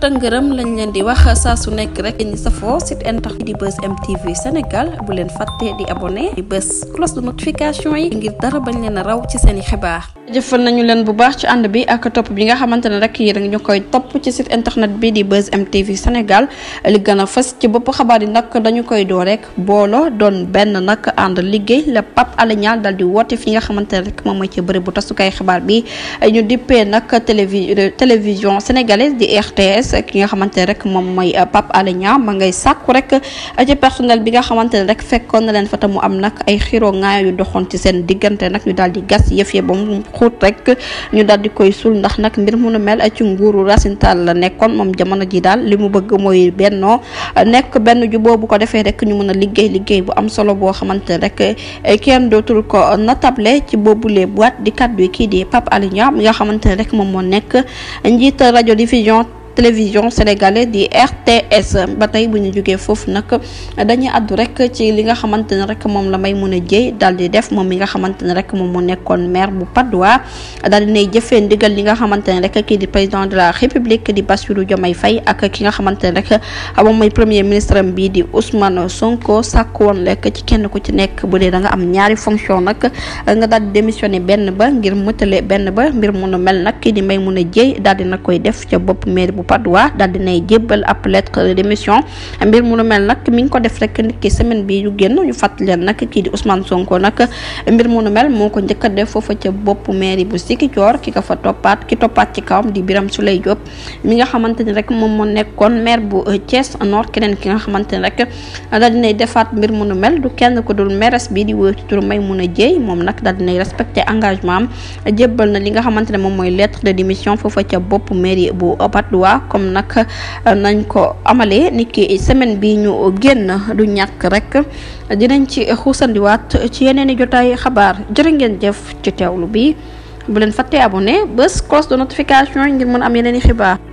tëngërëm lañu leen di wax saa su nekk rek ñu safoo site internet di bës MTV Sénégal bu leen fàtte di abonné di bës cloche de notification yi ngir dara bañ leen raw ci seen i xibaar. jëfal nañu leen bu baax ci ànd bi ak topp bi nga xamante ne rek yéen a ngi ñu koy topp ci site internet bi di bës MTV Sénégal li gën a fës ci bopp xabaar yi nag dañu koy doo rek booloo doon benn nag ànd liggéey la Pape Alé Niang dal di woote fi nga xamante ne rek moom mooy ci bërëb bu tasukaay xibaar bi ñu dippee na télévi télévision di ki nga xamante ne rek moom mooy euh, Pape Alé Niang ma ngay sàkku rek ci euh, personnel bi nga xamante ne rek fekkoon na leen fa te mu am nag ay xiroo ngaaya yu doxoon ci seen diggante nag ñu daal di gas yëf ya ba mu xuut rek ñu daal di koy suul ndax nag mbir mu nu mel euh, ci nguuru Racine Tall la nekkoon moom jamono ji daal li mu bëgg mooy bennoo nekk benn juboo bu ko defee rek ñu mën a liggéey liggéey bu am solo boo xamante ne rek kenn dootul ko natable ci boobule boîte di kàddu kii di Pape Alé Niang nga xamante ne rek moom moo nekk njiit rajo diffusion télévision sénégalais di RTS ba tey bu ñu jógee foofu nag dañuy àddu rek ci li nga xamante ne rek moom la may a Dièye daal di def moom mi nga xamante ne rek moom mu nekkoon maire bu Patte d'Oie daal di nay jëfee ndigal li nga xamante ne rek kii di président de la république di Bassirou Diomaye Faye ak ki nga xamante ne rek moom mooy premier ministre bi di Ousmane Sonko sàkk woon lekk ci kenn ku ci nekk bu dee danga am ñaari fonction nag nga daal di démissionné benn ba ngir mëtale benn ba mbir mu nu mel nag kii di Maimouna Dièye daal di na koy def ca bopp maire bu Padoa daal dinay jébbal ab lettre de mission mbir mu lu mel nag mi ngi ko def rek nit ki semaine bi yu génn nag di Ousmane Sonko nag mbir mu nu mel moo ko njëkk def foofa ca bopp mairie bu Ziguinchor ki ko fa toppaat ki toppaat ci kawam di Birame Souleye Diop mi nga xamante ni rek moom moo nekkoon maire bu Thiès Nord keneen ki nga xamante ni rek daal dinay defaat mbir mu nu mel du kenn ko dul maires bi di wër ci turu Maymouna Dieye moom nag daal dinay respecté engagement am jébbal nga xamante boobaa comme nag euh, nañ ko amalee niki semaine bi ñu génn du ñàkk rek dinañ ci xuusandiwaat ci yeneen i jotaay xabaar jërë ngeen jëf ci teewlu bi bu leen fàttee abonné bés cloche de notification ngir mën am yeneen i xibaar